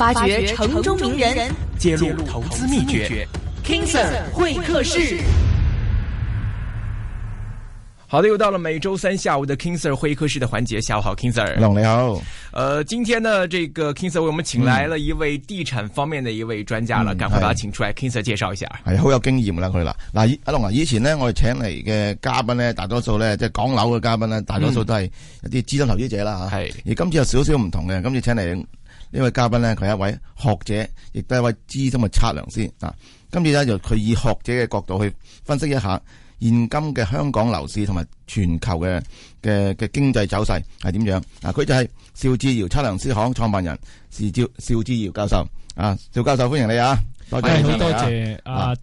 發掘城中名人，揭露投資秘訣。King Sir 會客室。好的，又到了每周三下午的 King Sir 會客室的環節。下午好，King Sir。阿龍你好。呃，今天呢，這個 King Sir 為我們請來了一位地產方面的一位專家了。趕快把佢請出來，King Sir 介紹一下。係好有經驗啦，佢啦。嗱，阿龍啊，以前呢，我哋請嚟嘅嘉賓呢，大多數呢，即係講樓嘅嘉賓呢，大多數都係一啲資深投資者啦，吓。係。而今次有少少唔同嘅，今次請嚟。呢位嘉賓咧，佢係一位學者，亦都係一位資深嘅測量師啊。今次咧，就佢以學者嘅角度去分析一下現今嘅香港樓市同埋全球嘅嘅嘅經濟走勢係點樣啊？佢就係邵志堯測量師行創辦人，是叫邵志堯教授啊。邵教授歡迎你啊，多謝好、啊、多謝阿、啊、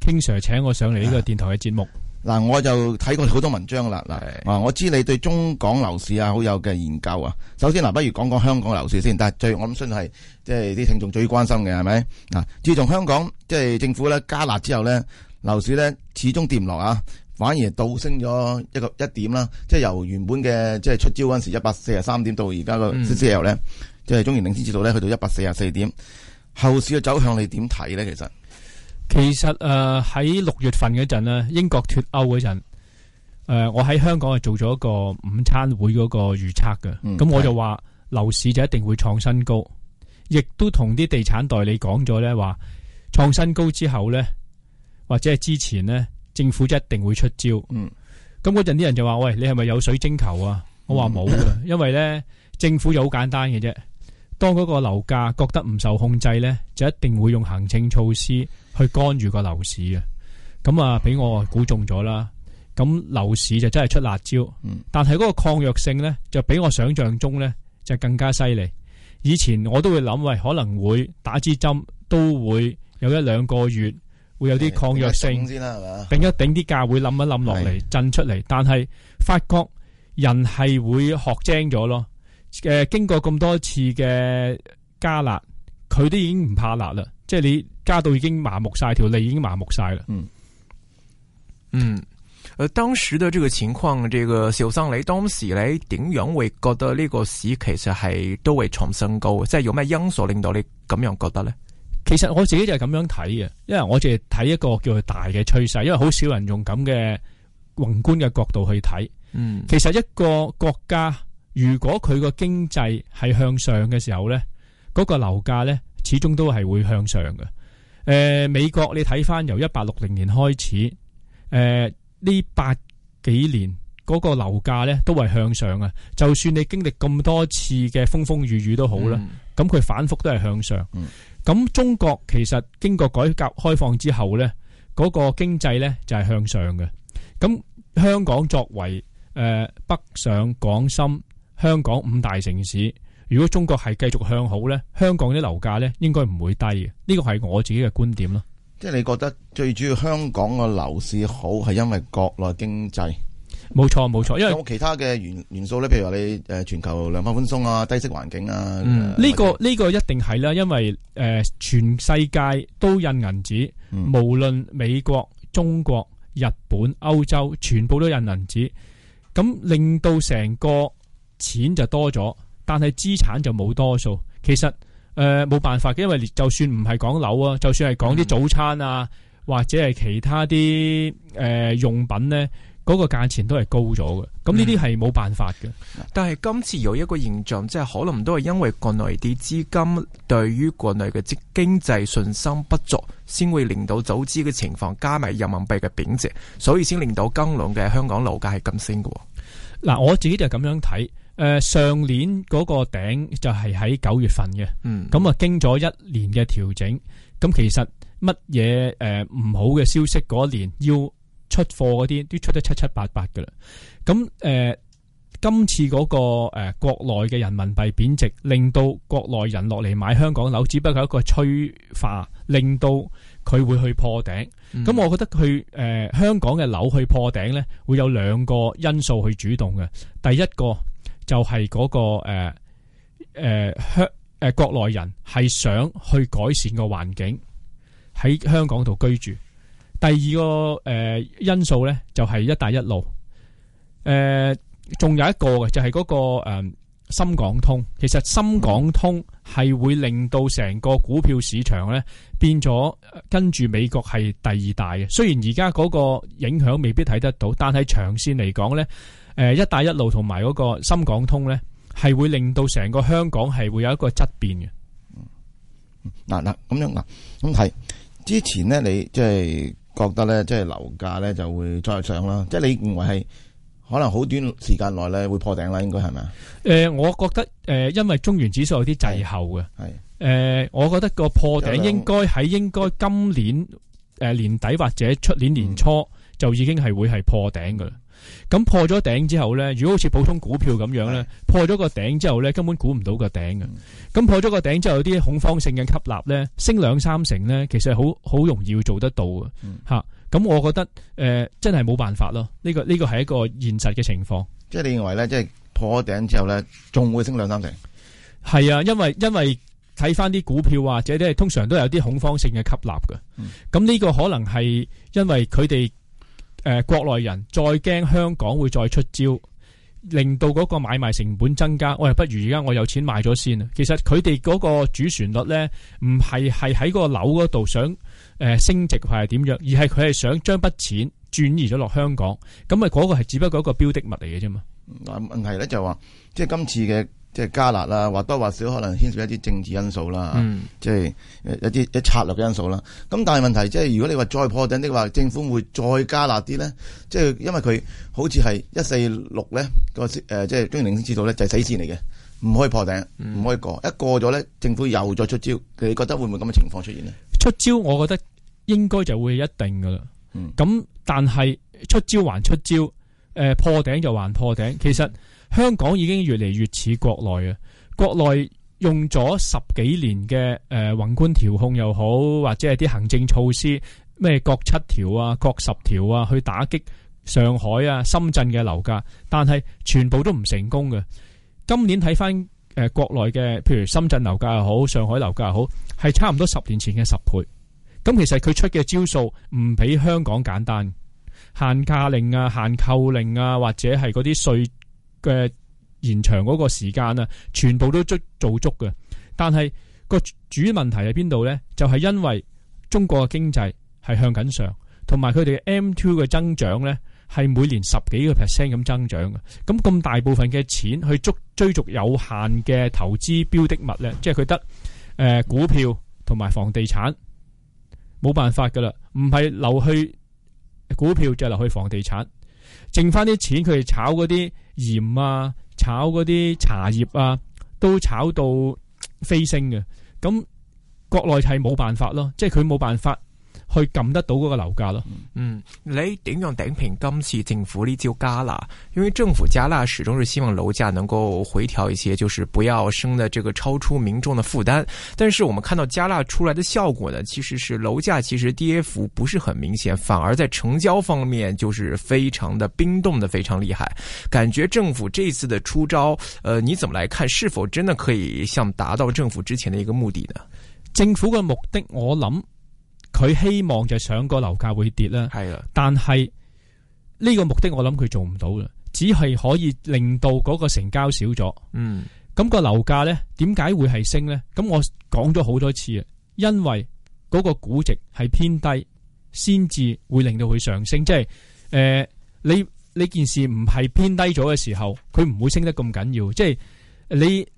King Sir 請我上嚟呢個電台嘅節目。嗱，我就睇過好多文章啦。嗱，我知你對中港樓市啊好有嘅研究啊。首先，嗱，不如講講香港樓市先。但係最我諗，信係即係啲聽眾最關心嘅係咪？嗱，嗯、自從香港即係、就是、政府咧加辣之後咧，樓市咧始終跌唔落啊，反而倒升咗一個一點啦。即、就、係、是、由原本嘅即係出招嗰陣時一百四十三點到而家個 CCL 咧，即係中原領先指數咧去到一百四十四點。後市嘅走向你點睇咧？其實？其實誒喺六月份嗰陣咧，英國脫歐嗰陣，誒我喺香港係做咗個午餐會嗰個預測嘅，咁、嗯、我就話樓市就一定會創新高，亦都同啲地產代理講咗咧話創新高之後咧，或者係之前咧，政府就一定會出招。咁嗰陣啲人就話：喂，你係咪有水晶球啊？我話冇㗎，嗯、因為咧政府就好簡單嘅啫，當嗰個樓價覺得唔受控制咧，就一定會用行政措施。去干預個樓市嘅，咁啊俾我估中咗啦。咁樓市就真係出辣椒，嗯、但係嗰個抗藥性咧，就比我想象中咧就更加犀利。以前我都會諗喂，可能會打支針都會有一兩個月會有啲抗藥性，頂一頂啲價會冧一冧落嚟，是震出嚟。但係發覺人係會學精咗咯，嘅、呃、經過咁多次嘅加辣，佢都已經唔怕辣啦。即係你加到已經麻木晒，條脷已經麻木晒啦、嗯。嗯嗯，誒、呃，當時的這個情況，這個邵生，你當時你點樣會覺得呢個市其實係都會創新高？即係有咩因素令到你咁樣覺得咧？其實我自己就係咁樣睇嘅，因為我淨係睇一個叫做大嘅趨勢，因為好少人用咁嘅宏觀嘅角度去睇。嗯，其實一個國家如果佢個經濟係向上嘅時候咧，嗰、那個樓價咧。始終都係會向上嘅。誒、呃，美國你睇翻由一八六零年開始，誒、呃、呢八幾年嗰個樓價呢都係向上嘅。就算你經歷咁多次嘅風風雨雨都好啦，咁佢、嗯、反覆都係向上。咁、嗯、中國其實經過改革開放之後呢，嗰、那個經濟呢就係、是、向上嘅。咁香港作為誒、呃、北上廣深香港五大城市，如果中國係繼續向好咧，香港啲樓價咧應該唔會低嘅。呢個係我自己嘅觀點咯。即係你覺得最主要香港個樓市好係因為國內經濟？冇錯冇錯，因為有其他嘅元元素咧。譬如話你誒全球量化寬鬆啊，低息環境啊。呢、嗯者呢個呢、呢個一定係啦，因為誒、呃、全世界都印銀紙，嗯、無論美國、中國、日本、歐洲，全部都印銀紙，咁令到成個錢就多咗。但係資產就冇多數，其實誒冇、呃、辦法嘅，因為就算唔係講樓啊，就算係講啲早餐啊，嗯、或者係其他啲誒、呃、用品呢，嗰、那個價錢都係高咗嘅。咁呢啲係冇辦法嘅、嗯嗯。但係今次有一個現象，即係可能都係因為國內啲資金對於國內嘅經經濟信心不足，先會令到走資嘅情況，加埋人民幣嘅貶值，所以先令到今輪嘅香港樓價係咁升喎。嗱，我自己就咁樣睇。誒，上年嗰個頂就係喺九月份嘅。咁啊、嗯、經咗一年嘅調整，咁其實乜嘢誒唔好嘅消息嗰一年要出貨嗰啲都出得七七八八噶啦。咁誒、呃，今次嗰個誒國內嘅人民幣貶值，令到國內人落嚟買香港樓，只不過一個催化，令到。佢會去破頂，咁我覺得佢誒香港嘅樓去破頂咧，會有兩個因素去主動嘅。第一個就係嗰個誒誒香誒國內人係想去改善個環境，喺香港度居住。第二個誒因素咧，就係一帶一路。誒，仲有一個嘅，就係嗰個誒。深港通，其實深港通係會令到成個股票市場咧，變咗跟住美國係第二大嘅。雖然而家嗰個影響未必睇得到，但係長線嚟講咧，誒，一帶一路同埋嗰個深港通咧，係會令到成個香港係會有一個質變嘅。嗯，嗱嗱，咁樣啊，咁係之前咧，你即係覺得咧，即係樓價咧就會再上啦，即係你認為係。可能好短時間內咧會破頂啦，應該係咪啊？誒、呃，我覺得誒、呃，因為中原指數有啲滯後嘅，係誒、呃，我覺得個破頂應該喺應該今年誒年底或者出年年初就已經係會係破頂噶啦。咁破咗頂之後咧，如果好似普通股票咁樣咧，的破咗個頂之後咧，根本估唔到個頂嘅。咁、嗯、破咗個頂之後，有啲恐慌性嘅吸納咧，升兩三成咧，其實好好容易做得到嘅。吓、嗯、咁、啊、我覺得誒、呃，真係冇辦法咯。呢、這個呢個係一個現實嘅情況。即係你認為咧，即係破咗頂之後咧，仲會升兩三成？係啊，因為因為睇翻啲股票或者咧，通常都有啲恐慌性嘅吸納嘅。咁呢、嗯、個可能係因為佢哋。誒國內人再驚香港會再出招，令到嗰個買賣成本增加，我係不如而家我有錢買咗先啊！其實佢哋嗰個主旋律咧，唔係係喺嗰個樓嗰度想誒升值，係點樣？而係佢係想將筆錢轉移咗落香港，咁啊嗰個係只不過一個標的物嚟嘅啫嘛。嗱，問題咧就係話，即係今次嘅。即係加辣啦，或多或少可能牽涉一啲政治因素啦，即係、嗯、一啲一策略嘅因素啦。咁但係問題即係，如果你話再破頂嘅話，政府會再加辣啲咧，即、就、係、是、因為佢好似係一四六咧個誒，即係中原領先指數咧，就係死線嚟嘅，唔可以破頂，唔可以過。嗯、一過咗咧，政府又再出招。你覺得會唔會咁嘅情況出現呢？出招，我覺得應該就會一定噶啦。咁、嗯、但係出招還出招，誒、呃、破頂就還破頂。其實。香港已經越嚟越似國內啊！國內用咗十幾年嘅、誒、呃、宏觀調控又好，或者係啲行政措施咩，國七條啊、國十條啊，去打擊上海啊、深圳嘅樓價，但係全部都唔成功嘅。今年睇翻誒國內嘅，譬如深圳樓價又好，上海樓價又好，係差唔多十年前嘅十倍。咁其實佢出嘅招數唔比香港簡單，限價令啊、限購令啊，或者係嗰啲稅。嘅延長嗰個時間啊，全部都足做足嘅。但係個主要問題喺邊度咧？就係因為中國嘅經濟係向緊上，同埋佢哋 M two 嘅增長咧係每年十幾個 percent 咁增長嘅。咁咁大部分嘅錢去捉追逐有限嘅投資標的物咧，即係佢得誒股票同埋房地產冇辦法噶啦，唔係留去股票就係留去房地產，剩翻啲錢佢哋炒嗰啲。鹽啊，炒嗰啲茶葉啊，都炒到飛升嘅。咁國內係冇辦法咯，即係佢冇辦法。去撳得到嗰個樓價咯，嗯，你點樣頂評今次政府呢招加辣？因為政府加辣始終是希望樓價能夠回調一些，就是不要升的這個超出民眾的負擔。但是我們看到加辣出來的效果呢，其實是樓價其實跌幅不是很明顯，反而在成交方面就是非常的冰凍的非常厲害。感覺政府這次的出招，呃，你怎麼來看是否真的可以像達到政府之前的一個目的呢？政府嘅目的，我諗。佢希望就上個樓價會跌啦，係啦，但係呢個目的我諗佢做唔到啦，只係可以令到嗰個成交少咗。嗯，咁個樓價呢，點解會係升呢？咁我講咗好多次啊，因為嗰個估值係偏低，先至會令到佢上升。即係誒、呃，你你件事唔係偏低咗嘅時候，佢唔會升得咁緊要。即係你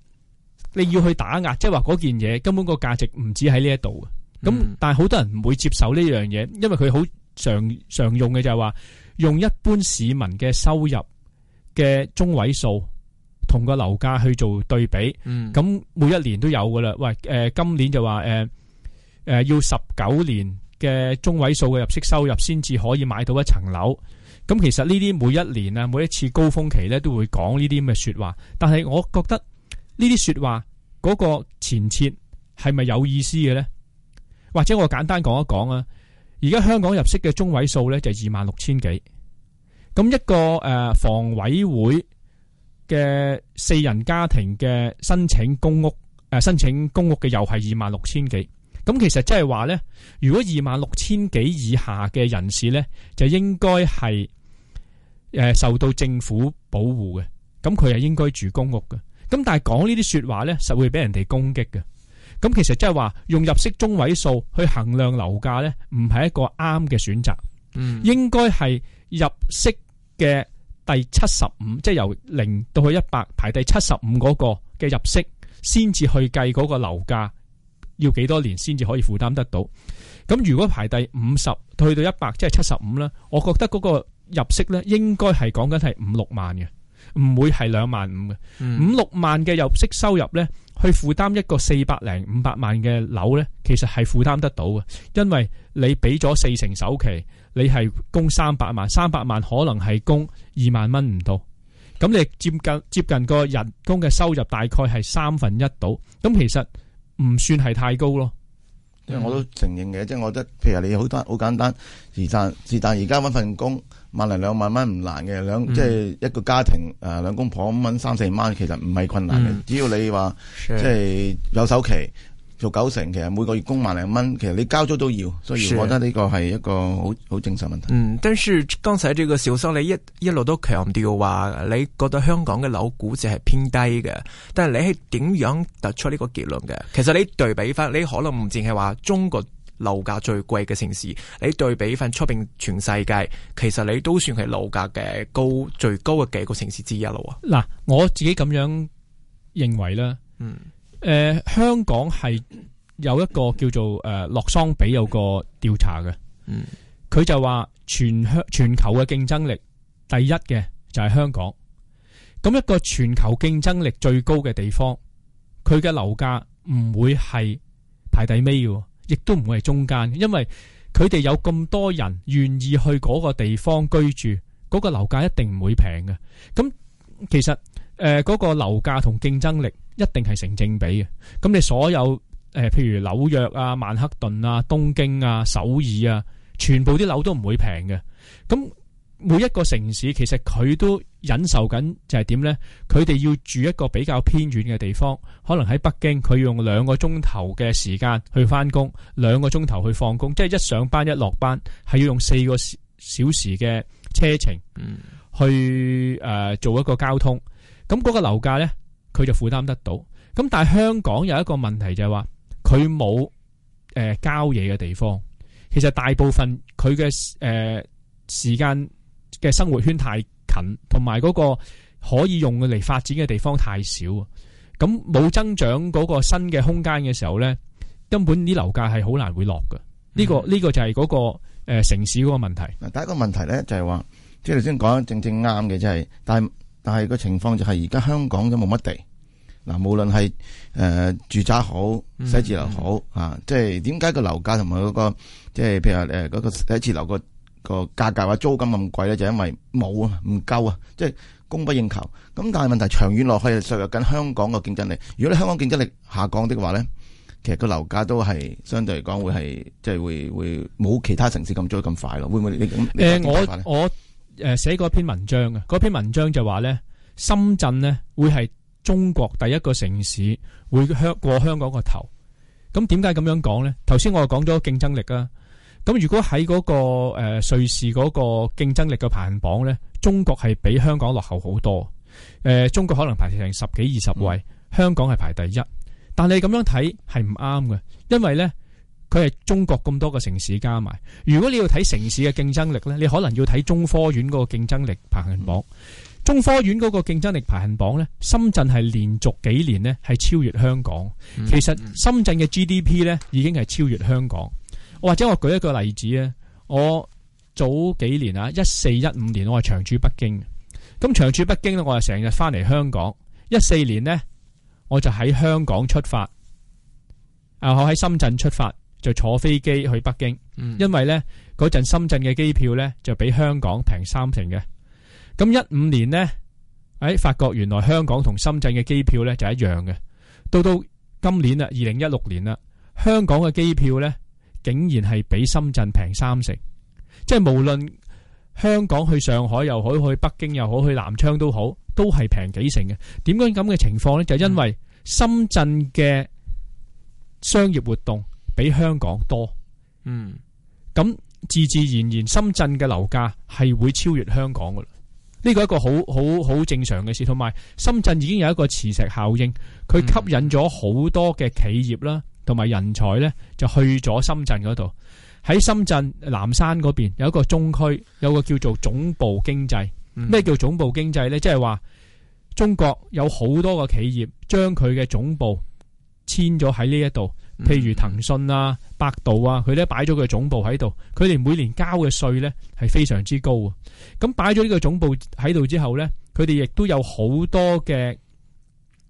你要去打壓，即係話嗰件嘢根本個價值唔止喺呢一度。咁但係好多人唔會接受呢樣嘢，因為佢好常常用嘅就係話用一般市民嘅收入嘅中位數同個樓價去做對比。咁每一年都有噶啦，喂，誒，今年就話誒誒要十九年嘅中位數嘅入息收入先至可以買到一層樓。咁其實呢啲每一年啊，每一次高峰期咧都會講呢啲咁嘅說話，但係我覺得呢啲說話嗰個前設係咪有意思嘅咧？或者我簡單講一講啊，而家香港入息嘅中位數咧就二萬六千幾，咁一個誒房委會嘅四人家庭嘅申請公屋誒，申請公屋嘅又係二萬六千幾，咁其實即係話咧，如果二萬六千幾以下嘅人士咧，就應該係誒受到政府保護嘅，咁佢係應該住公屋嘅，咁但係講呢啲說話咧，實會俾人哋攻擊嘅。咁其實即係話用入息中位數去衡量樓價呢，唔係一個啱嘅選擇。嗯，應該係入息嘅第七十五，即係由零到去一百排第七十五嗰個嘅入息，先至去計嗰個樓價要幾多年先至可以負擔得到。咁如果排第五十去到一百，即係七十五啦，我覺得嗰個入息呢應該係講緊係五六萬嘅，唔會係兩萬五嘅，嗯。五六萬嘅入息收入呢。去負擔一個四百零五百萬嘅樓咧，其實係負擔得到嘅，因為你俾咗四成首期，你係供三百萬，三百萬可能係供二萬蚊唔到，咁你接近接近個人工嘅收入大概係三分一到，咁其實唔算係太高咯。因為我都承認嘅，即係我覺得，譬如你好多好簡單，而但是但而家揾份工。萬零兩萬蚊唔難嘅，兩、嗯、即係一個家庭誒、呃，兩公婆搵三四萬，其實唔係困難嘅。嗯、只要你話是即係有首期做九成，其實每個月供萬零蚊，其實你交租都要。所以我覺得呢個係一個好好是正常問題。嗯，但是剛才呢個邵生你一一路都強調話，你覺得香港嘅樓估值係偏低嘅，但係你係點樣得出呢個結論嘅？其實你對比翻，你可能唔淨係話中國。樓價最貴嘅城市，你對比份出邊全世界，其實你都算係樓價嘅高最高嘅幾個城市之一咯。嗱，我自己咁樣認為啦，嗯，誒、呃，香港係有一個叫做誒洛、呃、桑比有個調查嘅，嗯，佢就話全香全球嘅競爭力第一嘅就係香港，咁一個全球競爭力最高嘅地方，佢嘅樓價唔會係排底尾嘅。亦都唔會係中間，因為佢哋有咁多人願意去嗰個地方居住，嗰個樓價一定唔會平嘅。咁其實呃嗰個樓價同競爭力一定係成正比嘅。咁你所有、呃、譬如紐約啊、曼克頓啊、東京啊、首爾啊，全部啲樓都唔會平嘅。咁每一個城市其實佢都忍受緊就係點呢？佢哋要住一個比較偏遠嘅地方，可能喺北京，佢要用兩個鐘頭嘅時間去返工，兩個鐘頭去放工，即係一上班一落班係要用四個小時嘅車程去誒、呃、做一個交通，咁嗰個樓價呢，佢就負擔得到。咁但係香港有一個問題就係話佢冇誒交嘢嘅地方，其實大部分佢嘅誒時間。嘅生活圈太近，同埋嗰個可以用佢嚟發展嘅地方太少啊！咁冇增長嗰個新嘅空間嘅時候咧，根本啲樓價係好難會落嘅。呢、這個呢、這個就係嗰、那個誒、呃、城市嗰個問題。嗱，第一個問題咧就係話，即係頭先講正正啱嘅，即係，但係但係個情況就係而家香港都冇乜地。嗱，無論係誒住宅好、寫字樓好、嗯、啊，即係點解個樓價同埋嗰個，即係譬如話誒嗰個寫字樓個。個價格話租金咁貴咧，就是、因為冇啊，唔夠啊，即、就、係、是、供不應求。咁但係問題長遠落去，削弱緊香港個競爭力。如果你香港競爭力下降的話咧，其實個樓價都係相對嚟講會係即係會會冇其他城市咁漲咁快咯。會唔會你誒、呃？我我誒寫過一篇文章啊，嗰篇文章就話咧，深圳呢會係中國第一個城市會向過香港個頭。咁點解咁樣講咧？頭先我又講咗競爭力啦。咁如果喺嗰個誒瑞士嗰個競爭力嘅排行榜咧，中國係比香港落後好多。誒、呃，中國可能排成十幾二十位，嗯、香港係排第一。但係咁樣睇係唔啱嘅，因為咧佢係中國咁多個城市加埋。如果你要睇城市嘅競爭力咧，你可能要睇中科院嗰個競爭力排行榜。嗯、中科院嗰個競爭力排行榜咧，深圳係連續幾年咧係超越香港。嗯、其實深圳嘅 GDP 咧已經係超越香港。或者我舉一個例子，我早幾年啊，一四一五年我係長駐北京，咁長駐北京咧，我就成日翻嚟香港。一四年呢，我就喺香港出發，啊，我喺深圳出發就坐飛機去北京，嗯、因為呢嗰陣深圳嘅機票呢，就比香港平三成嘅。咁一五年呢，誒、哎、發覺原來香港同深圳嘅機，機票呢，就一樣嘅。到到今年啦，二零一六年啦，香港嘅機票呢。竟然係比深圳平三成，即係無論香港去上海又好，去北京又好，去南昌都好，都係平幾成嘅。點解咁嘅情況呢？就因為深圳嘅商業活動比香港多，嗯，咁自自然然，深圳嘅樓價係會超越香港噶啦。呢個一個好好好正常嘅事，同埋深圳已經有一個磁石效應，佢吸引咗好多嘅企業啦。同埋人才呢，就去咗深圳嗰度。喺深圳南山嗰邊有一個中區，有個叫做總部經濟。咩叫總部經濟呢？即係話中國有好多個企業將佢嘅總部遷咗喺呢一度。譬如騰訊啊、百度啊，佢咧擺咗佢總部喺度。佢哋每年交嘅稅呢，係非常之高啊。咁擺咗呢個總部喺度之後呢，佢哋亦都有好多嘅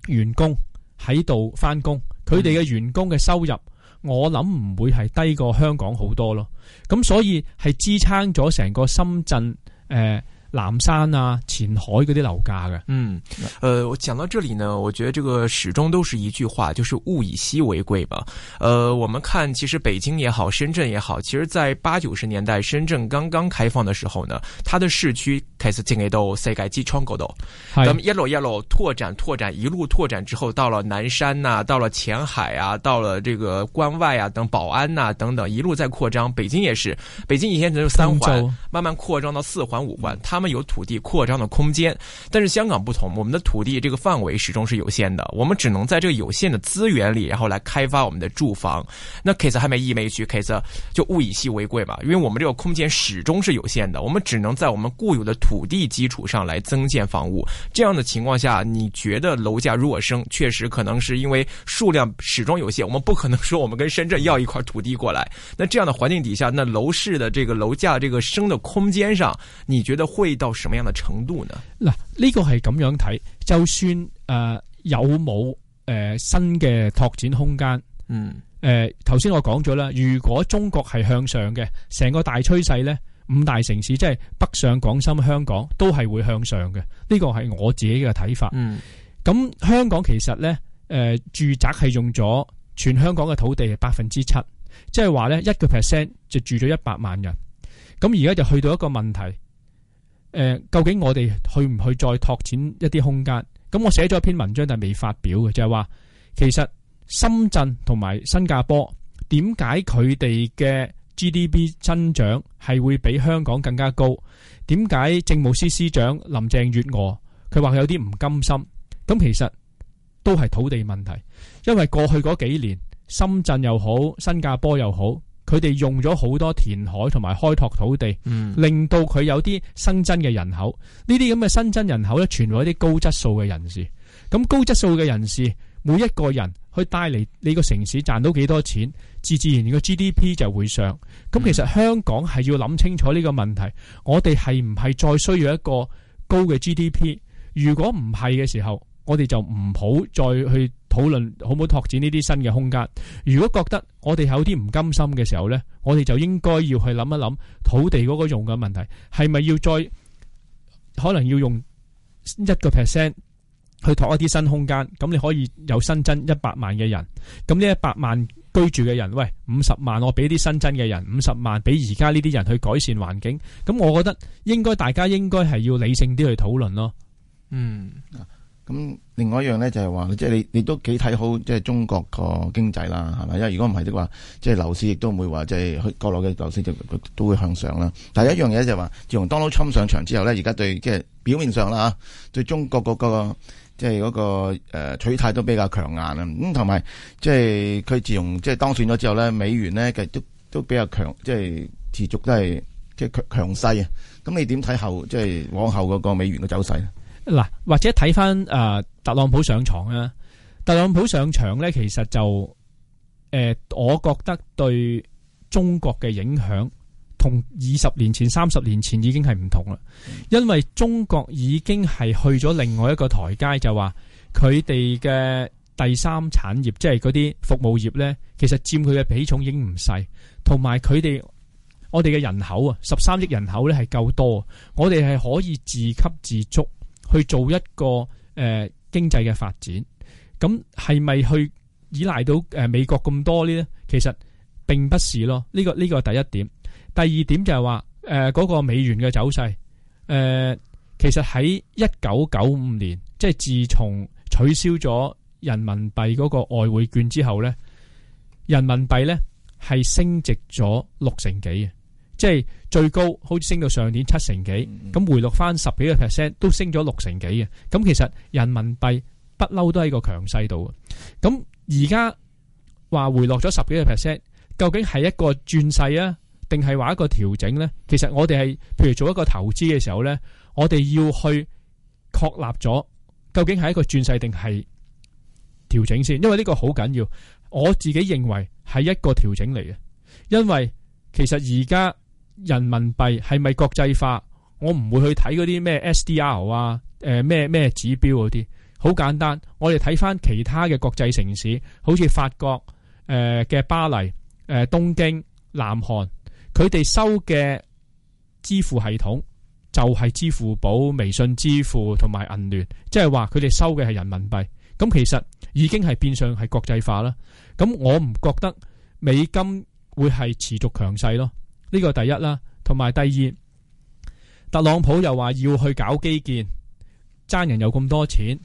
員工喺度翻工。佢哋嘅員工嘅收入，我諗唔會係低過香港好多咯。咁所以係支撐咗成個深圳誒。呃南山啊，前海嗰啲樓價嘅，嗯，呃，我講到這裏呢，我覺得這個始終都是一句話，就是物以稀為貴吧。呃，我們看，其實北京也好，深圳也好，其實在八九十年代，深圳剛剛開放的時候呢，它的市區開始建嘅都塞街機窗口都，咁是 yellow yellow 拓展，拓展一路拓展之後，到了南山呐、啊，到了前海啊，到了這個關外啊，等寶安呐、啊、等等，一路在擴張。北京也是，北京以前只有三環，慢慢擴張到四環、五環，它、嗯。他們有土地擴張的空間，但是香港不同，我們的土地這個範圍始終是有限的，我們只能在這個有限的資源裏，然後來開發我們的住房。那 Case 還沒一沒去句，Case 就物以稀為貴嘛，因為我們這個空間始終是有限的，我們只能在我們固有的土地基礎上來增建房屋。這樣的情況下，你覺得樓價如果升，確實可能是因為數量始終有限，我們不可能說我們跟深圳要一塊土地過來。那這樣的環境底下，那樓市的這個樓價這個升的空間上，你覺得會？到什麼樣的程度呢？嗱，呢個係咁樣睇，就算誒、呃、有冇誒、呃、新嘅拓展空間，嗯，誒頭先我講咗啦，如果中國係向上嘅，成個大趨勢咧，五大城市即係北上廣深香港都係會向上嘅，呢、這個係我自己嘅睇法。嗯，咁、呃、香港其實咧，誒、呃、住宅係用咗全香港嘅土地百分之七，即係話咧一個 percent 就住咗一百萬人，咁而家就去到一個問題。誒，究竟我哋去唔去再拓展一啲空間？咁我寫咗一篇文章，但係未發表嘅，就係話其實深圳同埋新加坡點解佢哋嘅 GDP 增長係會比香港更加高？點解政務司司長林鄭月娥佢話佢有啲唔甘心？咁其實都係土地問題，因為過去嗰幾年，深圳又好，新加坡又好。佢哋用咗好多填海同埋開拓土地，嗯、令到佢有啲新增嘅人口。呢啲咁嘅新增人口咧，全部係一啲高質素嘅人士。咁高質素嘅人士每一個人去帶嚟你個城市賺到幾多錢，自自然然個 GDP 就會上。咁、嗯、其實香港係要諗清楚呢個問題，我哋係唔係再需要一個高嘅 GDP？如果唔係嘅時候。我哋就唔好再去討論好唔好拓展，呢啲新嘅空間。如果覺得我哋有啲唔甘心嘅時候呢，我哋就應該要去諗一諗土地嗰個用嘅問題，係咪要再可能要用一個 percent 去拓一啲新空間？咁你可以有新增一百萬嘅人，咁呢一百萬居住嘅人，喂五十萬，我俾啲新增嘅人五十萬，俾而家呢啲人去改善環境。咁我覺得應該大家應該係要理性啲去討論咯。嗯。咁另外一樣咧就係話，即係你你都幾睇好即係中國個經濟啦，係咪？因為如果唔係的話，即係樓市亦都唔會話即係去國內嘅樓市就都會向上啦。但係一樣嘢就係、是、話，自從 Donald Trump 上場之後咧，而家對即係表面上啦，對中國個個即係嗰個誒取態都比較強硬。咁同埋即係佢自從即係當選咗之後咧，美元咧其實都都比較強，即係持續都係即係強強勢啊。咁你點睇後即係往後嗰個美元嘅走勢？嗱，或者睇翻特朗普上場啊，特朗普上場呢，其實就誒，我覺得對中國嘅影響同二十年前、三十年前已經係唔同啦。因為中國已經係去咗另外一個台階，就話佢哋嘅第三產業，即係嗰啲服務業呢，其實佔佢嘅比重已經唔細，同埋佢哋我哋嘅人口啊，十三億人口呢係夠多，我哋係可以自給自足。去做一個誒、呃、經濟嘅發展，咁係咪去依賴到美國咁多啲咧？其實並不是咯，呢、呢個、呢個係第一點。第二點就係話嗰個美元嘅走勢，誒、呃、其實喺一九九五年，即係自從取消咗人民幣嗰個外匯券之後咧，人民幣咧係升值咗六成幾即係最高，好似升到上年七成幾，咁回落翻十幾個 percent，都升咗六成幾嘅。咁其實人民幣不嬲都喺個強勢度嘅。咁而家話回落咗十幾個 percent，究竟係一個轉勢啊，定係話一個調整咧？其實我哋係，譬如做一個投資嘅時候咧，我哋要去確立咗究竟係一個轉勢定係調整先，因為呢個好緊要。我自己認為係一個調整嚟嘅，因為其實而家。人民幣係咪國際化？我唔會去睇嗰啲咩 SDR 啊，咩、呃、咩指標嗰啲，好簡單。我哋睇翻其他嘅國際城市，好似法國嘅、呃、巴黎、誒、呃、東京、南韓，佢哋收嘅支付系統就係支付寶、微信支付同埋銀聯，即係話佢哋收嘅係人民幣。咁其實已經係變相係國際化啦。咁我唔覺得美金會係持續強勢咯。呢個第一啦，同埋第二，特朗普又話要去搞基建，爭人有咁多錢，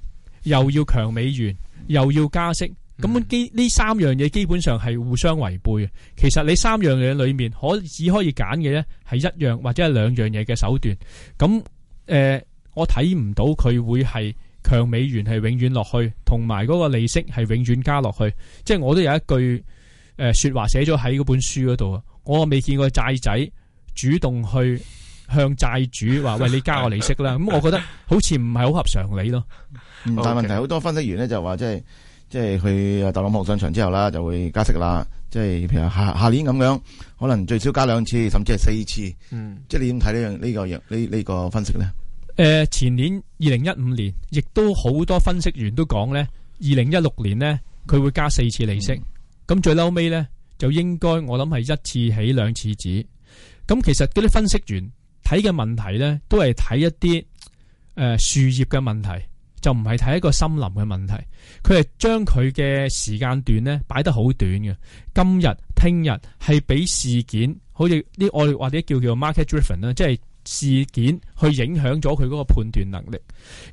又要強美元，又要加息，咁基呢三樣嘢基本上係互相違背。其實你三樣嘢裏面，可只可以揀嘅咧係一樣或者係兩樣嘢嘅手段。咁誒、呃，我睇唔到佢會係強美元係永遠落去，同埋嗰個利息係永遠加落去。即係我都有一句誒説、呃、話寫咗喺嗰本書嗰度啊。我未見過債仔主動去向債主話，喂，你加我利息啦，咁 我覺得好似唔係好合常理咯。但係問題，好多分析員咧就話即係即係佢特朗普上場之後啦就會加息啦，即、就、係、是、譬如下下年咁樣，可能最少加兩次甚至係四次。嗯，即係你點睇呢樣呢個呢呢、這個分析咧？誒、呃，前年二零一五年，亦都好多分析員都講咧，二零一六年咧佢會加四次利息。咁、嗯、最嬲尾咧。就應該我諗係一次起兩次止。咁其實嗰啲分析員睇嘅問題咧，都係睇一啲誒樹葉嘅問題，就唔係睇一個森林嘅問題。佢係將佢嘅時間段咧擺得好短嘅，今日、聽日係俾事件，好似啲我哋或者叫叫 market driven 啦，即係事件去影響咗佢嗰個判斷能力。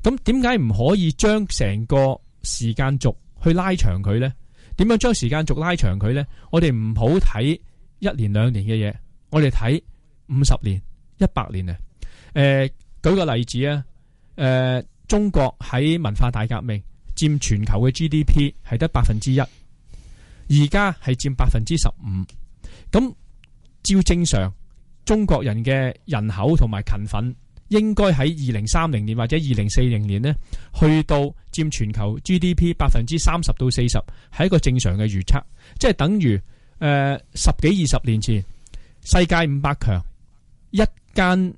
咁點解唔可以將成個時間軸去拉長佢咧？點樣將時間續拉長佢呢？我哋唔好睇一年兩年嘅嘢，我哋睇五十年、一百年啊！誒、呃，舉個例子啊！誒、呃，中國喺文化大革命佔全球嘅 GDP 係得百分之一，而家係佔百分之十五。咁照正常，中國人嘅人口同埋勤奮。應該喺二零三零年或者二零四零年呢，去到佔全球 GDP 百分之三十到四十，係一個正常嘅預測。即係等於誒、呃、十幾二十年前，世界五百強，一間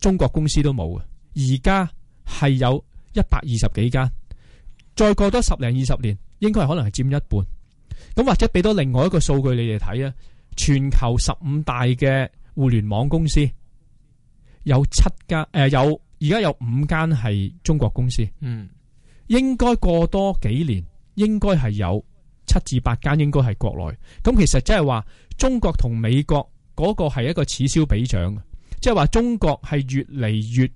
中國公司都冇嘅，而家係有一百二十幾間。再過多十零二十年，應該係可能係佔一半。咁或者俾多另外一個數據你哋睇啊，全球十五大嘅互聯網公司。有七間，誒、呃，有而家有五間係中國公司。嗯，應該過多幾年，應該係有七至八間應該係國內。咁其實即係話，中國同美國嗰個係一個此消彼長，即係話中國係越嚟越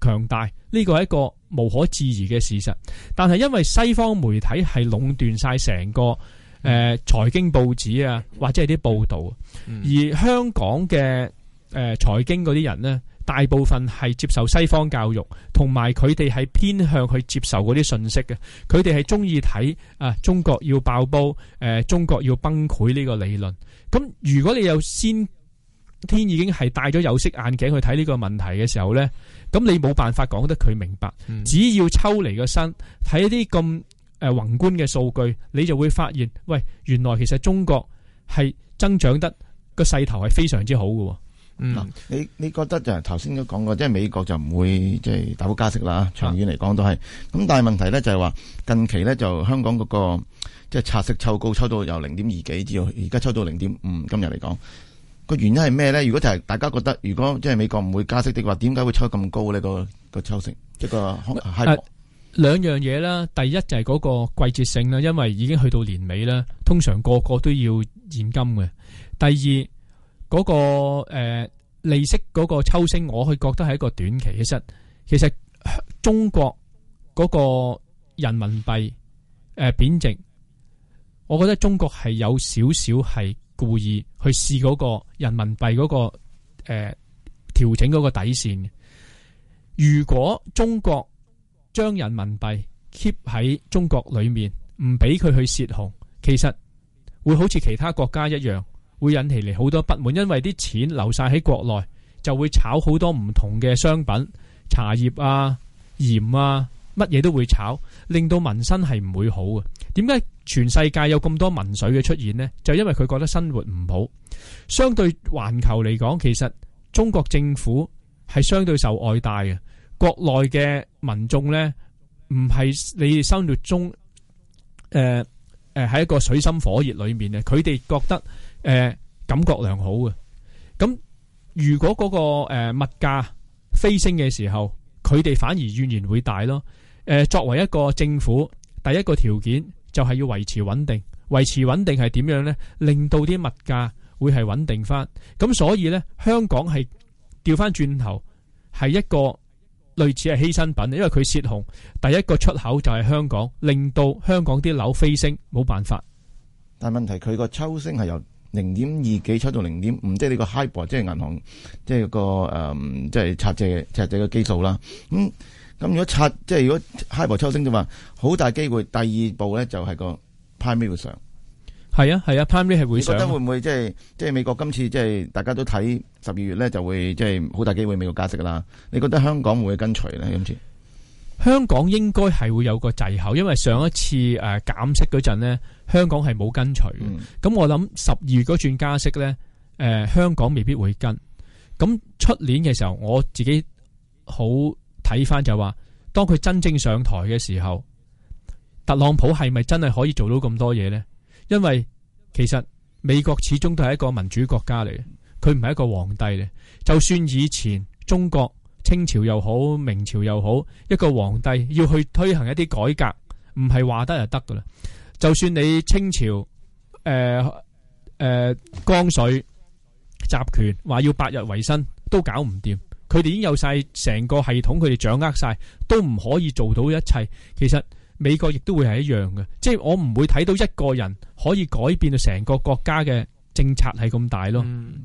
強大，呢個係一個無可置疑嘅事實。但係因為西方媒體係壟斷晒成個誒嗯、呃、財經報紙啊，或者係啲報道，嗯、而香港嘅。誒、啊，財經嗰啲人呢，大部分係接受西方教育，同埋佢哋係偏向去接受嗰啲信息嘅。佢哋係中意睇啊，中國要爆煲、啊，中國要崩潰呢個理論。咁如果你有先天已經係戴咗有色眼鏡去睇呢個問題嘅時候呢，咁你冇辦法講得佢明白。嗯、只要抽離個身睇一啲咁誒宏觀嘅數據，你就會發現，「喂，原來其實中國係增長得、個勢頭係非常之好喎。」嗱，嗯、你你覺得就係頭先都講過，即係美國就唔會即係大幅加息啦，啊，長遠嚟講都係。咁、嗯、但係問題咧就係話近期咧就香港嗰、那個即係拆息抽高，抽到由零點二幾至到而家抽到零點五，今日嚟講個原因係咩咧？如果就係大家覺得，如果即係美國唔會加息的話，點解會抽咁高呢？個、那個抽息一、就是、個、啊、兩樣嘢啦，第一就係嗰個季節性啦，因為已經去到年尾啦，通常個個都要現金嘅。第二。嗰個誒利息嗰個抽升，我去覺得係一個短期。其實其實中國嗰個人民幣誒貶值，我覺得中國係有少少係故意去試嗰個人民幣嗰個誒調整嗰個底線。如果中國將人民幣 keep 喺中國裏面，唔俾佢去洩洪，其實會好似其他國家一樣。會引起嚟好多不滿，因為啲錢留曬喺國內，就會炒好多唔同嘅商品，茶葉啊、鹽啊，乜嘢都會炒，令到民生係唔會好嘅。點解全世界有咁多民粹嘅出現呢？就因為佢覺得生活唔好。相對環球嚟講，其實中國政府係相對受愛戴嘅，國內嘅民眾呢，唔係你哋生活中，誒誒喺一個水深火熱裏面呢，佢哋覺得。誒、呃，感覺良好嘅。咁如果嗰、那個誒、呃、物價飛升嘅時候，佢哋反而怨言會大咯。誒、呃，作為一個政府，第一個條件就係要維持穩定，維持穩定係點樣呢？令到啲物價會係穩定翻。咁所以咧，香港係調翻轉頭係一個類似係犧牲品，因為佢泄洪第一個出口就係香港，令到香港啲樓飛升，冇辦法。但問題，佢個抽升係由。零點二幾出到零點五，即係你個 HIBOR，即係銀行，即係個誒，即係拆借拆借嘅基數啦。咁咁如果拆，即係如果 HIBOR 抽升嘅話，好大機會第二步咧就係個 prime 會上。係啊係啊，prime 係會上。你覺得會唔會即係即係美國今次，即係大家都睇十二月咧，就會即係好大機會美國加息㗎啦？你覺得香港會跟隨咧今次？香港應該係會有個滯後，因為上一次誒，呃，減息嗰陣，香港係冇跟隨嘅。咁、嗯、我諗十二月嗰轉加息呢、呃，香港未必會跟。咁出年嘅時候，我自己好睇翻就話，當佢真正上台嘅時候，特朗普係咪真係可以做到咁多嘢呢？因為其實美國始終都係一個民主國家嚟嘅，佢唔係一個皇帝嚟，就算以前中國。清朝又好，明朝又好，一個皇帝要去推行一啲改革，唔係話得就得㗎喇。就算你清朝，誒、呃、誒、呃，江水集權話要百日維新都搞唔掂，佢哋已經有晒成個系統，佢哋掌握晒都唔可以做到一切。其實美國亦都會係一樣嘅，即係我唔會睇到一個人可以改變到成個國家嘅政策係咁大咯。嗯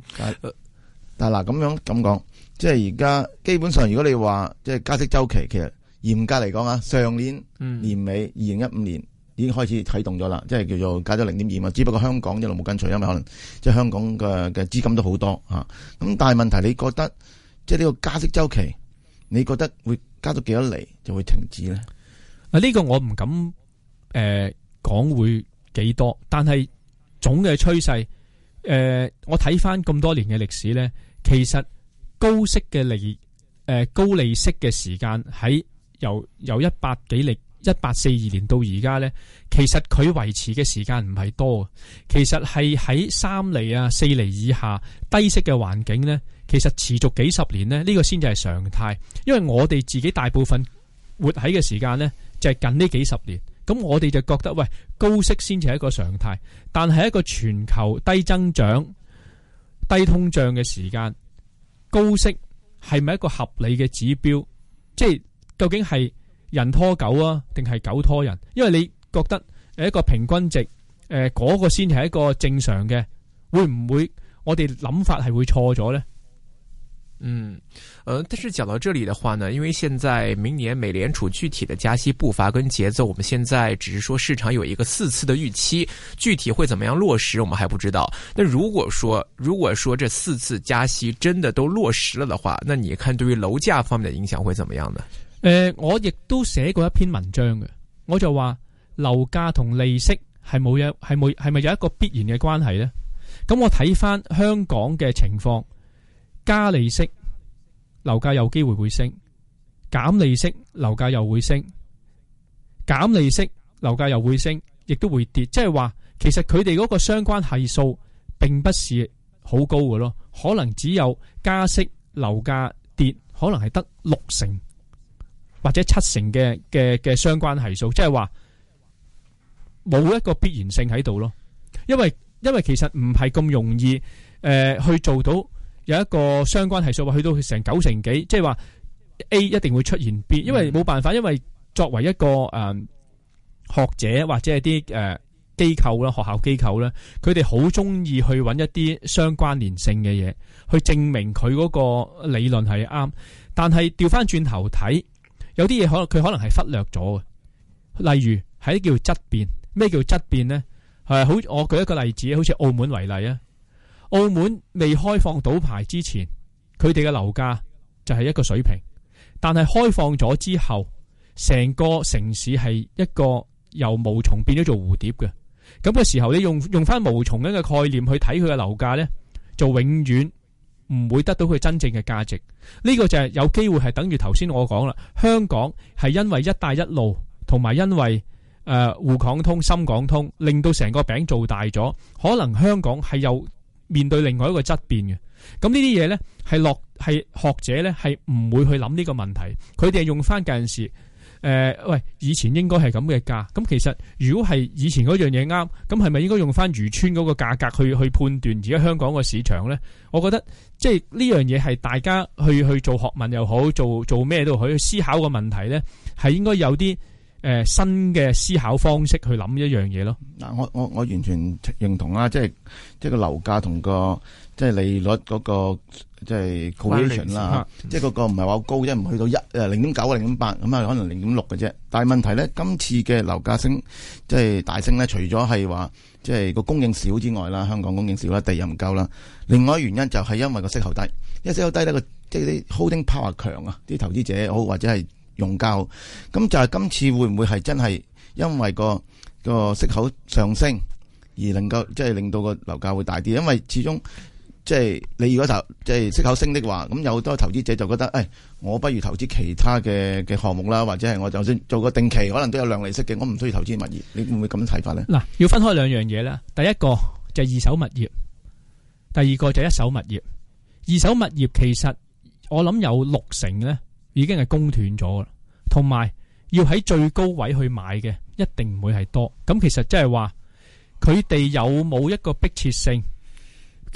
但嗱，咁樣咁講，即係而家基本上，如果你話即係加息周期，其實嚴格嚟講啊，上年年尾二零一五年已經開始啟動咗啦，嗯、即係叫做加咗零點二啊。只不過香港一路冇跟隨，因為可能即係香港嘅嘅資金都好多啊。咁但係問題，你覺得即係呢個加息周期，你覺得會加咗幾多厘就會停止咧？啊，呢個我唔敢誒講、呃、會幾多，但係總嘅趨勢。誒、呃，我睇返咁多年嘅歷史呢，其實高息嘅利，誒、呃、高利息嘅時間喺由由一八幾歷一八四二年到而家呢，其實佢維持嘅時間唔係多，其實係喺三厘啊四厘以下低息嘅環境呢，其實持續幾十年呢，呢、這個先至係常態，因為我哋自己大部分活喺嘅時間呢，就係、是、近呢幾十年。咁我哋就覺得喂，高息先至係一個常態，但係一個全球低增長、低通脹嘅時間，高息係咪一個合理嘅指標？即係究竟係人拖狗啊，定係狗拖人？因為你覺得誒一個平均值誒嗰個先係一個正常嘅，會唔會我哋諗法係會錯咗呢？嗯，呃，但是講到這裡的話呢，因為現在明年美聯儲具體的加息步伐跟節奏，我們現在只是說市場有一個四次的預期，具體會怎麼樣落實，我們還不知道。那如果說如果說這四次加息真的都落實了的話，那你看對於樓價方面的影響會怎麼樣呢？呃，我亦都寫過一篇文章嘅，我就話樓價同利息係冇有係冇係咪有一個必然嘅關係呢？咁我睇翻香港嘅情況。加利息，樓價有機會會升；減利息，樓價又會升；減利息，樓價又會升，亦都會跌。即係話，其實佢哋嗰個相關係數並不是好高嘅咯，可能只有加息樓價跌，可能係得六成或者七成嘅嘅嘅相關係數。即係話冇一個必然性喺度咯，因為因為其實唔係咁容易誒、呃、去做到。有一個相關係數話去到成九成幾，即係話 A 一定會出現 B，因為冇辦法，因為作為一個誒學者或者係啲誒機構啦、學校機構咧，佢哋好中意去揾一啲相關聯性嘅嘢去證明佢嗰個理論係啱，但係調翻轉頭睇，有啲嘢可能佢可能係忽略咗嘅，例如係啲叫質變，咩叫質變咧？係好，我舉一個例子，好似澳門為例啊。澳門未開放賭牌之前，佢哋嘅樓價就係一個水平。但係開放咗之後，成個城市係一個由毛蟲變咗做蝴蝶嘅咁嘅時候，你用用翻毛蟲一樣嘅概念去睇佢嘅樓價呢就永遠唔會得到佢真正嘅價值。呢個就係有機會係等於頭先我講啦。香港係因為一帶一路同埋因為誒滬港通、深港通，令到成個餅做大咗，可能香港係有。面對另外一個質變嘅，咁呢啲嘢呢係落係學者呢係唔會去諗呢個問題，佢哋係用翻嗰陣時誒，喂，以前應該係咁嘅價咁。其實如果係以前嗰樣嘢啱，咁係咪應該用翻漁村嗰個價格去去判斷而家香港個市場呢？我覺得即係呢樣嘢係大家去去做學問又好，做做咩都好去思考個問題呢，係應該有啲。誒，新嘅思考方式去諗一樣嘢咯。嗱，我我我完全認同啦，即係即係個樓價同個即係利率嗰個即係 correlation 啦，即係嗰個唔係話好高，即唔、啊、去到一誒零點九啊零點八，咁啊可能零點六嘅啫。但係問題咧，今次嘅樓價升即係、即係、大升咧，除咗係話即係個供應少之外啦，香港供應少啦，地又唔夠啦，另外原因就係因為個息口低，因為息口低呢，個即係啲 holding power 強啊，啲投資者好、嗯、或者係。用教，咁就係今次會唔會係真係因為個個息口上升而能夠即係令到個樓價會大啲？因為始終即係你如果投即係息口升的話，咁有好多投資者就覺得，誒，我不如投資其他嘅嘅項目啦，或者係我就算做個定期，可能都有量利息嘅，我唔需要投資物業。你會唔會咁睇法咧？嗱，要分開兩樣嘢啦。第一個就係二手物業，第二個就係一手物業。二手物業其實我諗有六成咧。已經係供斷咗啦，同埋要喺最高位去買嘅一定唔會係多。咁其實即係話佢哋有冇一個迫切性？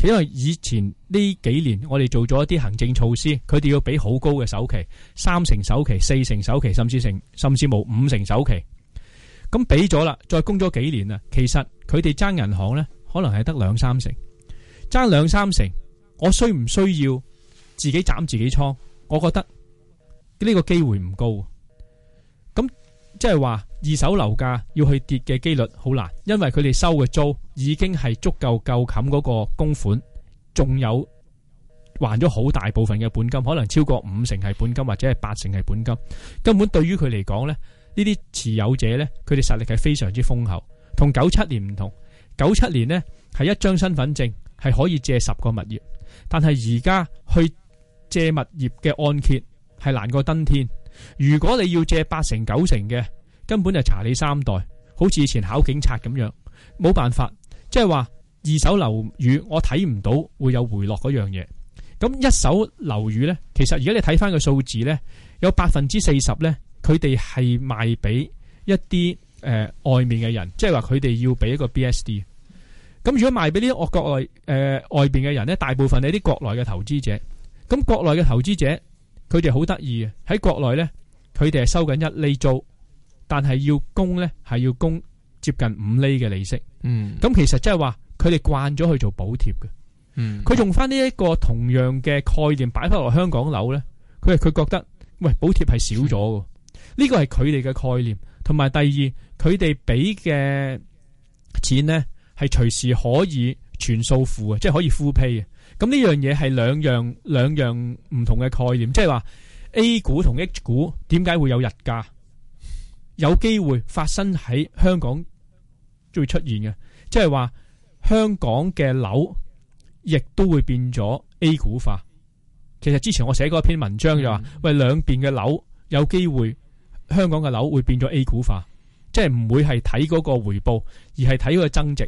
因為以前呢幾年我哋做咗一啲行政措施，佢哋要俾好高嘅首期，三成首期、四成首期，甚至成甚至冇五成首期。咁俾咗啦，再供咗幾年喇。其實佢哋爭銀行呢，可能係得兩三成，爭兩三成。我需唔需要自己斬自己倉？我覺得，呢個機會唔高，咁即係話二手樓價要去跌嘅幾率好難，因為佢哋收嘅租已經係足夠夠冚嗰個供款，仲有還咗好大部分嘅本金，可能超過五成係本金，或者係八成係本金。根本對於佢嚟講呢，呢啲持有者呢，佢哋實力係非常之豐厚。同九七年唔同，九七年呢係一張身份證係可以借十個物業，但係而家去借物業嘅按揭。係難過登天。如果你要借八成九成嘅，根本就查你三代，好似以前考警察咁樣，冇辦法。即係話二手樓宇，我睇唔到會有回落嗰樣嘢。咁一手樓宇呢，其實如果你睇翻個數字呢，有百分之四十呢，佢哋係賣俾一啲誒、呃、外面嘅人，即係話佢哋要俾一個 BSD。咁如果賣俾呢、呃、外國外誒外邊嘅人呢，大部分係啲國內嘅投資者。咁國內嘅投資者。佢哋好得意嘅喺國內咧，佢哋係收緊一厘租，但係要供咧係要供接近五厘嘅利息。嗯，咁其實即係話佢哋慣咗去做補貼嘅。嗯，佢用翻呢一個同樣嘅概念擺翻落香港樓咧，佢係佢覺得喂補貼係少咗喎，呢個係佢哋嘅概念。同埋的第二，佢哋俾嘅錢咧係隨時可以全數付嘅，即係可以付批嘅。咁呢樣嘢係兩樣兩樣唔同嘅概念，即係話 A 股同 H 股點解會有日價？有機會發生喺香港，就會出現嘅。即係話香港嘅樓，亦都會變咗 A 股化。其實之前我寫過一篇文章就話，喂，兩邊嘅樓有機會，香港嘅樓會變咗 A 股化，即係唔會係睇嗰個回報，而係睇嗰個增值。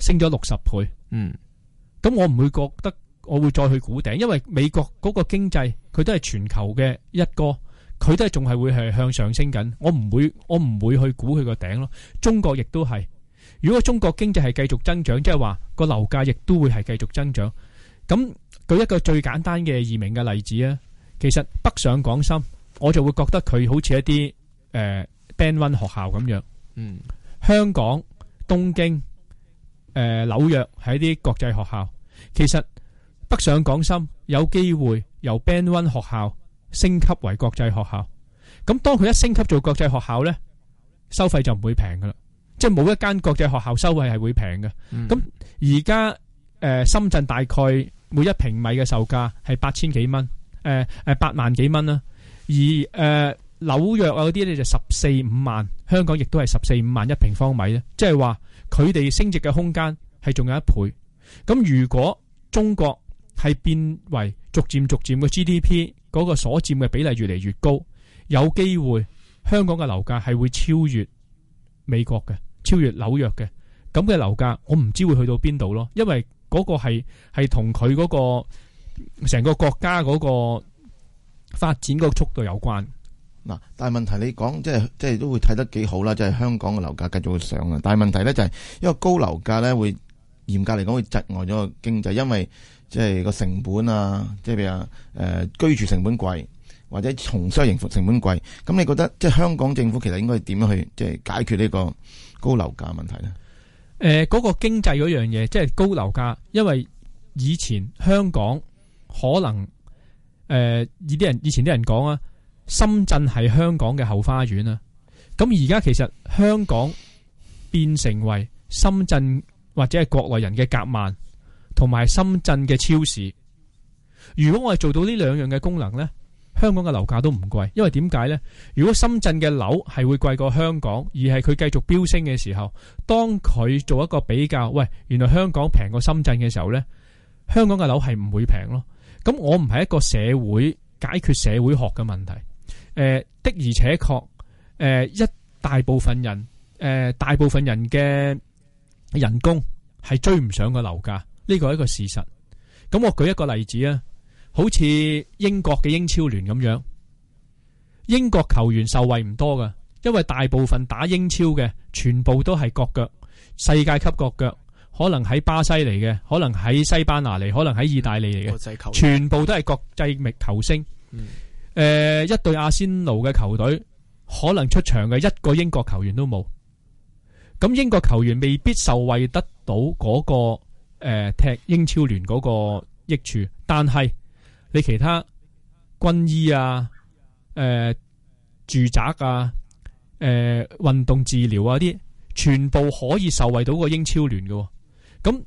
升咗六十倍，嗯，咁我唔會覺得我會再去估頂，因為美國嗰個經濟佢都係全球嘅一哥佢都係仲係會係向上升緊，我唔會我唔會去估佢個頂咯。中國亦都係，如果中國經濟係繼續增長，即係話個樓價亦都會係繼續增長。咁舉一個最簡單嘅易明嘅例子啊，其實北上廣深，我就會覺得佢好似一啲誒 band one 學校咁樣，嗯，香港東京。誒，紐約係一啲國際學校，其實北上廣深有機會由 Band One 學校升級為國際學校，咁當佢一升級做國際學校呢，收費就唔會平噶啦，即係冇一間國際學校收費係會平嘅。咁而家誒深圳大概每一平米嘅售價係八千幾蚊，誒誒八萬幾蚊啦，而誒、呃、紐約啊嗰啲咧就十四五萬，香港亦都係十四五萬一平方米咧，即係話。佢哋升值嘅空間係仲有一倍，咁如果中國係變為逐漸逐漸嘅 GDP 嗰個所占嘅比例越嚟越高，有機會香港嘅樓價係會超越美國嘅，超越紐約嘅，咁嘅樓價我唔知會去到邊度咯，因為嗰個係係同佢嗰個成個國家嗰個發展嗰個速度有關。嗱，但係問題你講，即係即係都會睇得幾好啦，即係香港嘅樓價繼續會上啊！但係問題咧就係、是，因為高樓價咧會嚴格嚟講會窒礙咗個經濟，因為即係個成本啊，即係譬如誒居住成本貴，或者重修型成本貴，咁你覺得即係香港政府其實應該點樣去即係解決呢個高樓價問題咧？誒、呃，嗰、那個經濟嗰樣嘢即係高樓價，因為以前香港可能誒，啲、呃、人以前啲人講啊。深圳係香港嘅後花園啊！咁而家其實香港變成為深圳或者係國內人嘅夾萬，同埋深圳嘅超市。如果我係做到呢兩樣嘅功能呢，香港嘅樓價都唔貴，因為點解呢？如果深圳嘅樓係會貴過香港，而係佢繼續飆升嘅時候，當佢做一個比較，喂，原來香港平過深圳嘅時候呢，香港嘅樓係唔會平咯。咁我唔係一個社會解決社會學嘅問題。呃、的而且確，誒、呃、一大部分人，誒、呃、大部分人嘅人工係追唔上個樓價，呢個係一個事實。咁我舉一個例子啊，好似英國嘅英超聯咁樣，英國球員受惠唔多噶，因為大部分打英超嘅全部都係國腳，世界級國腳，可能喺巴西嚟嘅，可能喺西班牙嚟，可能喺意大利嚟嘅，全部都係國際名球星。嗯誒、呃，一隊阿仙奴嘅球隊可能出場嘅一個英國球員都冇，咁英國球員未必受惠得到嗰、那個誒、呃、踢英超聯嗰個益處，但係你其他軍醫啊、誒、呃、住宅啊、誒、呃、運動治療啊啲，全部可以受惠到個英超聯嘅，咁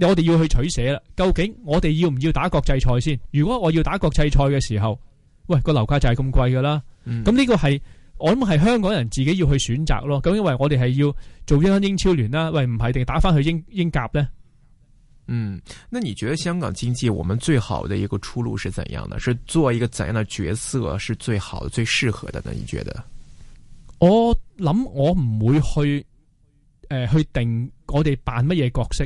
我哋要去取捨啦。究竟我哋要唔要打國際賽先？如果我要打國際賽嘅時候。喂，個樓價就係咁貴噶啦，咁呢個係我諗係香港人自己要去選擇咯。咁因為我哋係要做翻英，英超聯啦，喂唔係定打翻去英英甲咧？嗯，那你覺得香港經濟，我們最好的一個出路是怎樣呢？是做一個怎樣的角色是最好、最適合的呢？你覺得？我諗我唔會去誒、呃、去定我哋扮乜嘢角色。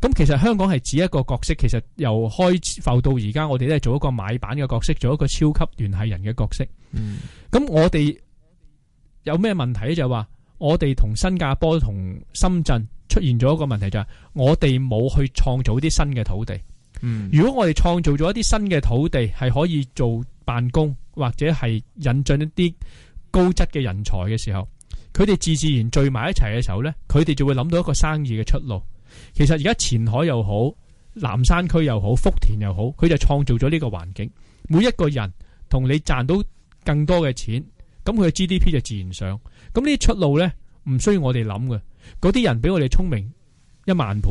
咁其實香港係指一個角色，其實由開埠到而家，我哋都係做一個買辦嘅角色，做一個超級聯繫人嘅角色。咁、嗯、我哋有咩問題咧？就係、是、話我哋同新加坡、同深圳出現咗一個問題，就係我哋冇去創造啲新嘅土地。嗯、如果我哋創造咗一啲新嘅土地，係可以做辦公或者係引進一啲高質嘅人才嘅時候，佢哋自自然聚埋一齊嘅時候咧，佢哋就會諗到一個生意嘅出路。其實而家前海又好，南山區又好，福田又好，佢就創造咗呢個環境。每一個人同你賺到更多嘅錢，咁佢嘅 GDP 就自然上。咁呢啲出路呢，唔需要我哋諗嘅。嗰啲人比我哋聰明一萬倍。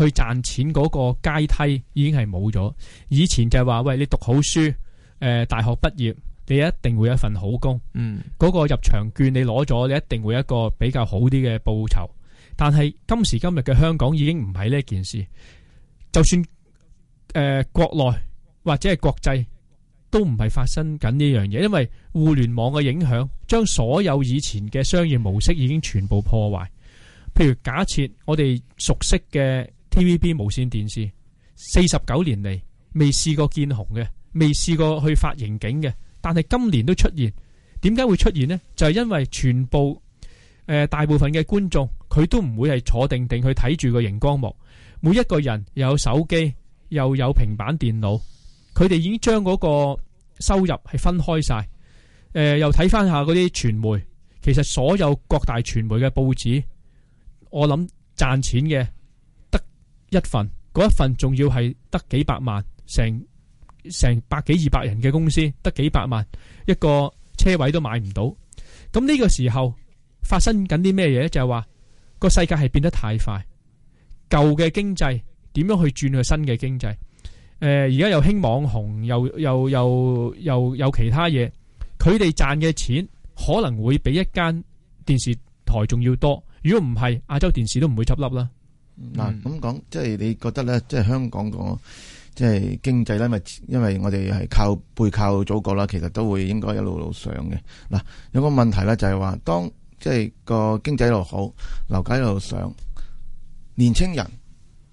去賺錢嗰個階梯已經係冇咗，以前就係話，喂，你讀好書，誒、呃，大學畢業，你一定會有一份好工，嗰、嗯、個入場券你攞咗，你一定會有一個比較好啲嘅報酬。但係今時今日嘅香港已經唔係呢件事，就算誒、呃、國內或者係國際都唔係發生緊呢樣嘢，因為互聯網嘅影響將所有以前嘅商業模式已經全部破壞。譬如假設我哋熟悉嘅。T.V.B. 無綫電視四十九年嚟未試過見紅嘅，未試過去發盈警嘅，但係今年都出現。點解會出現呢？就係、是、因為全部、呃、大部分嘅觀眾佢都唔會係坐定定去睇住個熒光幕。每一個人又有手機又有平板電腦，佢哋已經將嗰個收入係分開晒。誒、呃，又睇翻下嗰啲傳媒，其實所有各大傳媒嘅報紙，我諗賺錢嘅。一份嗰一份仲要係得幾百萬，成成百幾二百人嘅公司得幾百萬，一個車位都買唔到。咁呢個時候發生緊啲咩嘢？就係話個世界係變得太快，舊嘅經濟點樣去轉去新嘅經濟？誒，而家又興網紅，又又又又有其他嘢，佢哋賺嘅錢可能會比一間電視台仲要多。如果唔係，亞洲電視都唔會執笠啦。嗱咁講，即係你覺得咧，即係香港個即係經濟咧，咪因為我哋係靠背靠祖國啦，其實都會應該一路路上嘅。嗱，有個問題咧，就係話當即係個經濟一路好，樓價一路上，年青人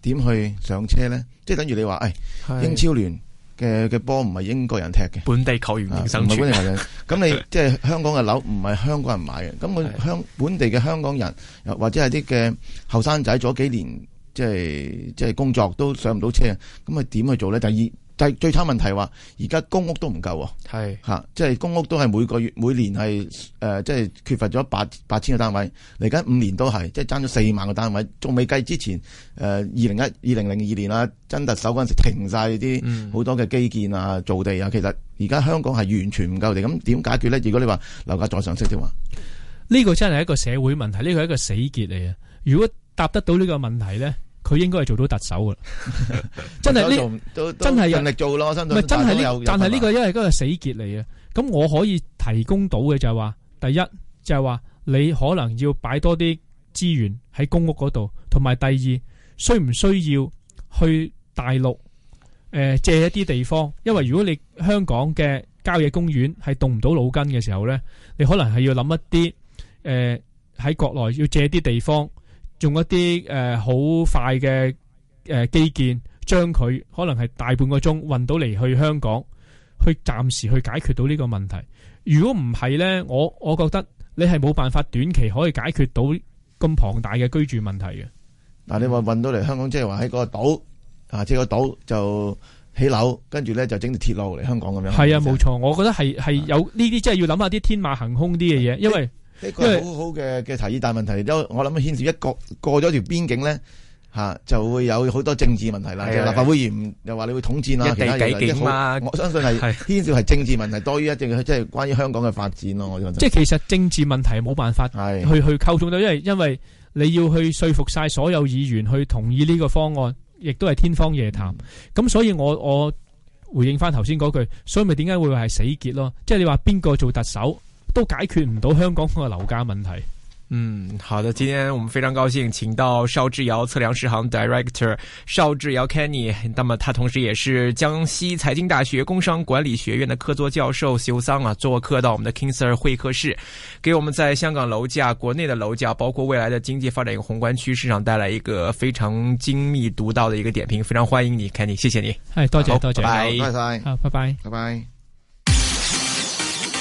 點去上車咧？即係等於你話，誒、哎，係英超聯。嘅嘅波唔係英國人踢嘅，本地球員生存。咁、啊、 你即係、就是、香港嘅樓唔係香港人買嘅，咁佢香本地嘅香港人或者係啲嘅後生仔早咗幾年，即係即係工作都上唔到車，咁佢點去做咧？第二。就最差問題話，而家公屋都唔夠喎，係嚇是，即係公屋都係每個月每年係誒、呃，即係缺乏咗八八千個單位。嚟緊五年都係，即係爭咗四萬個單位。仲未計之前誒二零一二零零二年啦、啊，曾特首嗰陣時停晒啲好多嘅基建啊、造地啊。其實而家香港係完全唔夠地，咁點解決咧？如果你話樓價再上升添話，呢個真係一個社會問題，呢、這個係一個死結嚟啊！如果答得到呢個問題咧？佢應該係做到特首噶 真係的呢，真係用力做咯，真係呢，但係呢、呢個因為嗰個死結嚟嘅。咁我可以提供到嘅就係話，第一就係、係、話你可能要擺多啲資源喺公屋嗰度，同埋第二需唔需要去大陸、呃、借一啲地方？因為如果你香港嘅郊野公園係動唔到腦筋嘅時候咧，你可能係要諗一啲喺、呃、國內要借啲地方。用一啲誒好快嘅誒基建，將佢可能係大半個鐘運到嚟去香港，去暫時去解決到呢個問題。如果唔係咧，我我覺得你係冇辦法短期可以解決到咁龐大嘅居住問題嘅。嗱，你話運到嚟香港，即係話喺個島啊，即係個島就起樓，跟住咧就整條鐵路嚟香港咁樣。係啊，冇錯，我覺得係係有呢啲，即係、啊、要諗下啲天馬行空啲嘅嘢，啊、因為。呢個係好好嘅嘅提議，但問題都為我諗牽涉一過過咗條邊境咧，吓、啊、就會有好多政治問題啦。的立法會議員又話你會統戰啊，一地幾建嘛？我相信係牽涉係政治問題的多於一定即係關於香港嘅發展咯。我即係其實政治問題冇辦法去的去溝通到，因為因為你要去說服晒所有議員去同意呢個方案，亦都係天方夜譚。咁所以我我回應翻頭先嗰句，所以咪點解會係死結咯？即係你話邊個做特首？都解決唔到香港嗰個樓價問題。嗯，好的，今天我們非常高興，請到邵志堯測量師行 director 邵志堯 Kenny，那麼他同時也是江西財經大學工商管理學院的客座教授，修桑啊，做客到我們的 King Sir 會客室，給我們在香港樓價、國內的樓價，包括未來的經濟發展一個宏觀區市場帶來一個非常精密獨到的一個點評。非常歡迎你，Kenny，謝謝你，係多謝多謝，拜拜，好，多謝，拜拜，拜拜。拜拜。